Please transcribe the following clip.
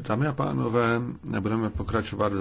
Dámy a pánové, budeme pokračovat